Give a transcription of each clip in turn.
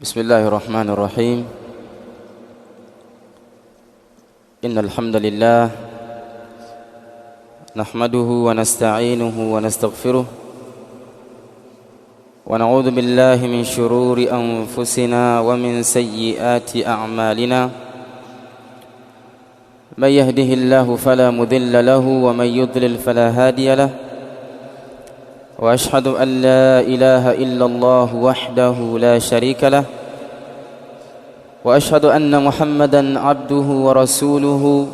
بسم الله الرحمن الرحيم إن الحمد لله نحمده ونستعينه ونستغفره ونعوذ بالله من شرور أنفسنا ومن سيئات أعمالنا من يهده الله فلا مذل له ومن يضلل فلا هادي له واشهد ان لا اله الا الله وحده لا شريك له واشهد ان محمدا عبده ورسوله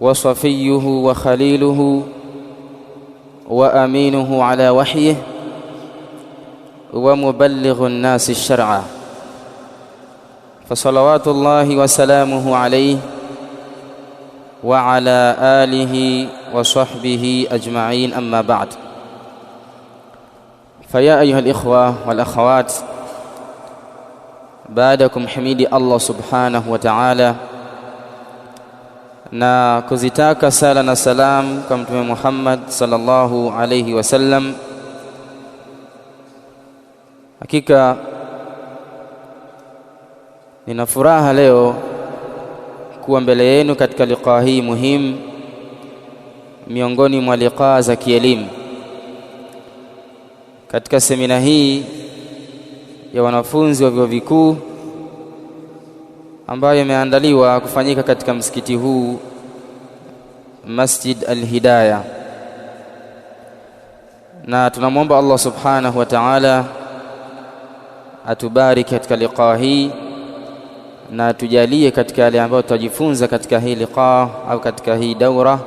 وصفيه وخليله وامينه على وحيه ومبلغ الناس الشرع فصلوات الله وسلامه عليه وعلى اله وصحبه اجمعين اما بعد فيا أيها الإخوة والأخوات بعدكم حميد الله سبحانه وتعالى نكزتاك سالنا سلام كمت محمد صلى الله عليه وسلم حقيقة نينا فراها leo kuwa mbele yenu katika liqaa hii muhimu miongoni mwa liqaa za kielimu Katika semina hii ya wanafunzi wa vyuo vikuu ambayo imeandaliwa kufanyika katika msikiti huu Masjid Al-Hidayah, na tunamwomba Allah subhanahu wa ta'ala atubariki katika liqaa hii na atujalie katika yale ambayo tutajifunza katika hii liqaa au katika hii daura,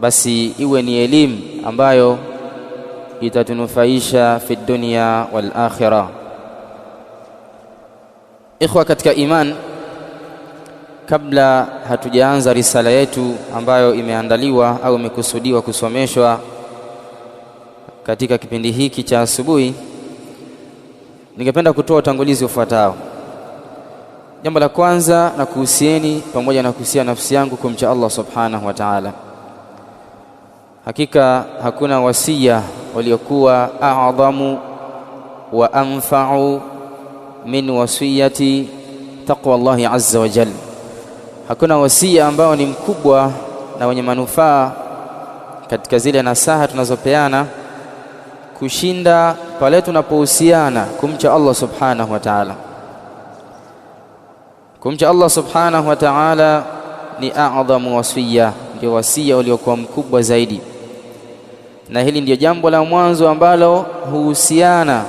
basi iwe ni elimu ambayo itatunufaisha fi dunya wal akhira. Ikhwa katika iman, kabla hatujaanza risala yetu ambayo imeandaliwa au imekusudiwa kusomeshwa katika kipindi hiki cha asubuhi, ningependa kutoa utangulizi ufuatao. Jambo la kwanza, na kuhusieni pamoja na kuhusia nafsi yangu kumcha Allah subhanahu wa ta'ala. Hakika hakuna wasia waliokuwa adhamu wa anfa'u min wasiyati taqwa Allahi azza wa jalla, hakuna wasia ambao ni mkubwa na wenye manufaa katika zile nasaha tunazopeana kushinda pale tunapohusiana kumcha Allah subhanahu wa ta'ala. Kumcha Allah subhanahu wa ta'ala ni adhamu wasiya, ndio wasia uliokuwa mkubwa zaidi na hili ndio jambo la mwanzo ambalo huhusiana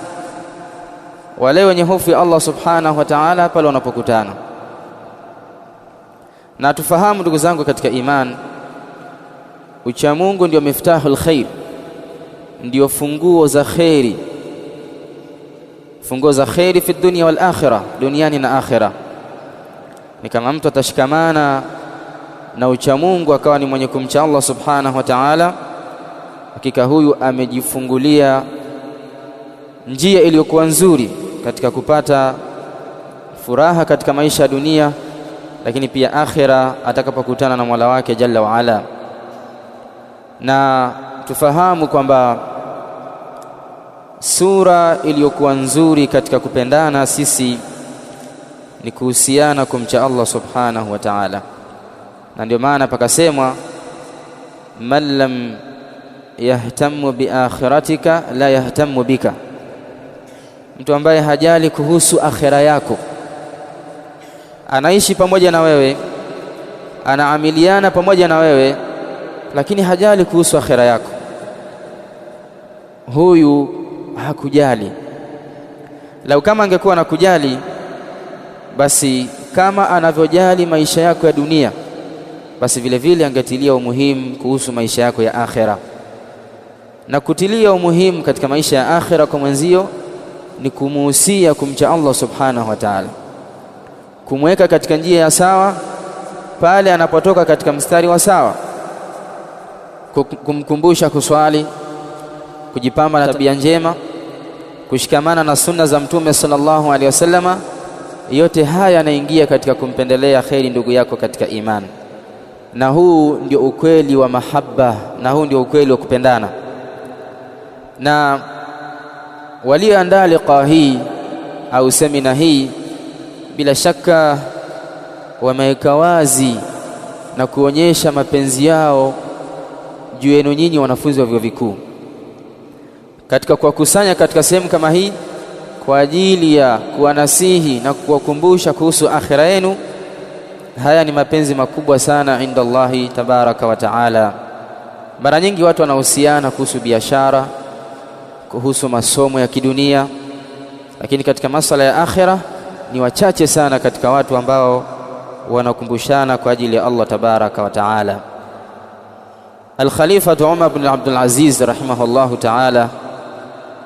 wale wenye hofu ya Allah subhanahu wa ta'ala pale wanapokutana. Na tufahamu ndugu zangu katika iman, ucha Mungu ndio miftahul khair, ndio funguo za kheri, funguo za kheri fi dunia wal akhira, duniani na akhira. Ni kama mtu atashikamana na ucha Mungu akawa ni mwenye kumcha Allah subhanahu wa ta'ala hakika huyu amejifungulia njia iliyokuwa nzuri katika kupata furaha katika maisha ya dunia, lakini pia akhera atakapokutana na Mola wake jalla waala. Na tufahamu kwamba sura iliyokuwa nzuri katika kupendana sisi ni kuhusiana kumcha Allah subhanahu wa ta'ala, na ndio maana pakasemwa man lam yahtamu biakhiratika la yahtamu bika, mtu ambaye hajali kuhusu akhira yako, anaishi pamoja na wewe, anaamiliana pamoja na wewe, lakini hajali kuhusu akhira yako, huyu hakujali. Lau kama angekuwa na kujali basi kama anavyojali maisha yako ya dunia, basi vile vile angetilia umuhimu kuhusu maisha yako ya akhera na kutilia umuhimu katika maisha ya akhira kwa mwenzio ni kumuhusia kumcha Allah subhanahu wa ta'ala, kumweka katika njia ya sawa pale anapotoka katika mstari wa sawa, kumkumbusha kuswali, kujipamba na tabia njema, kushikamana na sunna za Mtume sallallahu alaihi wasallama. Yote haya yanaingia katika kumpendelea kheri ndugu yako katika imani, na huu ndio ukweli wa mahaba, na huu ndio ukweli wa kupendana na walioandaa liqaa hii au semina hii bila shaka wameweka wazi na kuonyesha mapenzi yao juu yenu nyinyi wanafunzi wa vyuo vikuu katika kuwakusanya katika sehemu kama hii kwa ajili ya kuwanasihi na kuwakumbusha kuhusu akhira yenu. Haya ni mapenzi makubwa sana inda Allahi tabaraka wa taala. Mara nyingi watu wanahusiana kuhusu biashara kuhusu masomo ya kidunia, lakini katika masala ya akhira ni wachache sana katika watu ambao wanakumbushana kwa ajili ya Allah tabaraka wa taala. Alkhalifatu Umar ibn Abdul Aziz rahimahullahu taala,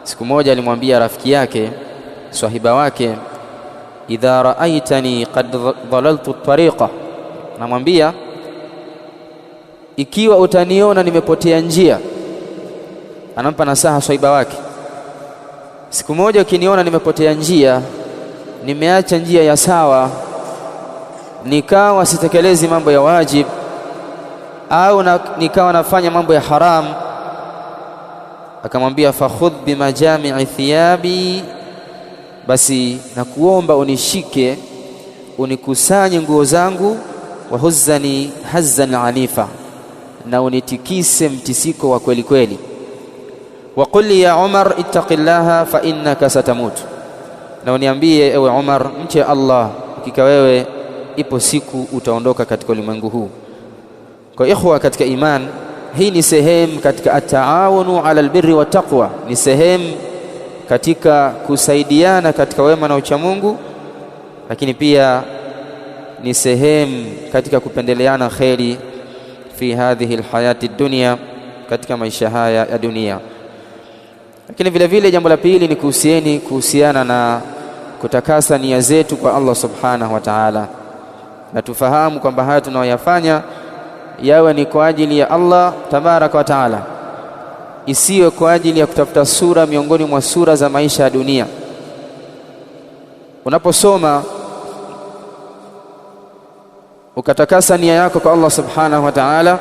siku moja alimwambia rafiki yake swahiba wake, idha raaitani qad dhalaltu tariqa, namwambia ikiwa utaniona nimepotea njia anampa nasaha swaiba wake, siku moja ukiniona nimepotea njia, nimeacha njia ya sawa, nikawa sitekelezi mambo ya wajibu au na, nikawa nafanya mambo ya haramu, akamwambia fakhudh bimajamii thiyabi, basi nakuomba unishike unikusanye nguo zangu, wahuzzani hazzan anifa, na unitikise mtisiko wa kweli kweli waqul ya Umar ittaqillaha fa innaka satamut, na uniambie ewe Umar, mche Allah, hakika wewe ipo siku utaondoka katika ulimwengu huu. Kwa ikhwa katika iman, hii ni sehemu katika ataawunu ala albirri wa taqwa, ni sehemu katika kusaidiana katika wema na ucha mungu lakini pia ni sehemu katika kupendeleana kheri fi hadhihi alhayati dunya, katika maisha haya ya dunia. Lakini vile vile jambo la pili ni kuhusieni kuhusiana na kutakasa nia zetu kwa Allah subhanahu wa ta'ala, na tufahamu kwamba haya tunayoyafanya yawe ni kwa ajili ya Allah tabaraka wa taala, isiwe kwa ajili ya kutafuta sura miongoni mwa sura za maisha ya dunia. Unaposoma ukatakasa nia yako kwa Allah subhanahu wa taala,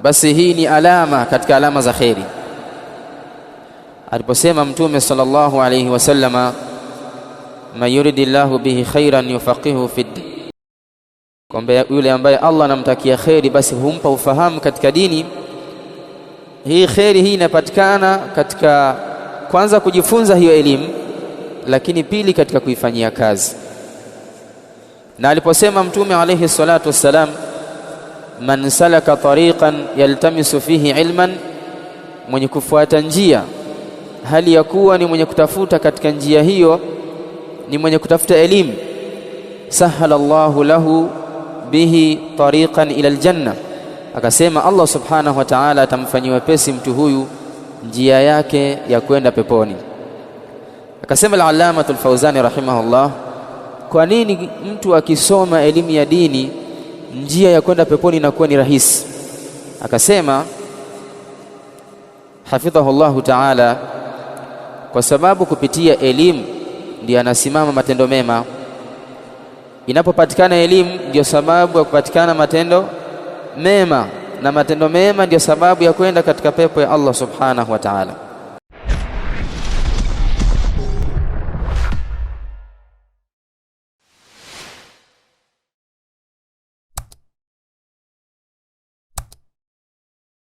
basi hii ni alama katika alama za kheri aliposema Mtume sallallahu alayhi wasallama, man yuridi llahu bihi khairan yufaqihu fi ddin kwamba yule ambaye Allah anamtakia kheri basi humpa ufahamu katika dini hii. Kheri hii inapatikana katika kwanza kujifunza hiyo elimu, lakini pili katika kuifanyia kazi. Na aliposema Mtume alayhi salatu wassalam, man salaka tariqan yaltamisu fihi ilman, mwenye kufuata njia hali ya kuwa ni mwenye kutafuta katika njia hiyo ni mwenye kutafuta elimu sahala Allahu lahu bihi tariqan ila aljanna akasema Allah subhanahu wa ta'ala atamfanyia wepesi mtu huyu njia yake ya kwenda peponi akasema al-allama al-Fawzani rahimahullah kwa nini mtu akisoma elimu ya dini njia ya kwenda peponi inakuwa ni rahisi akasema hafidhahu Allah ta'ala kwa sababu kupitia elimu ndiyo anasimama matendo mema. Inapopatikana elimu, ndiyo sababu ya kupatikana matendo mema, na matendo mema ndiyo sababu ya kwenda katika pepo ya Allah subhanahu wa ta'ala.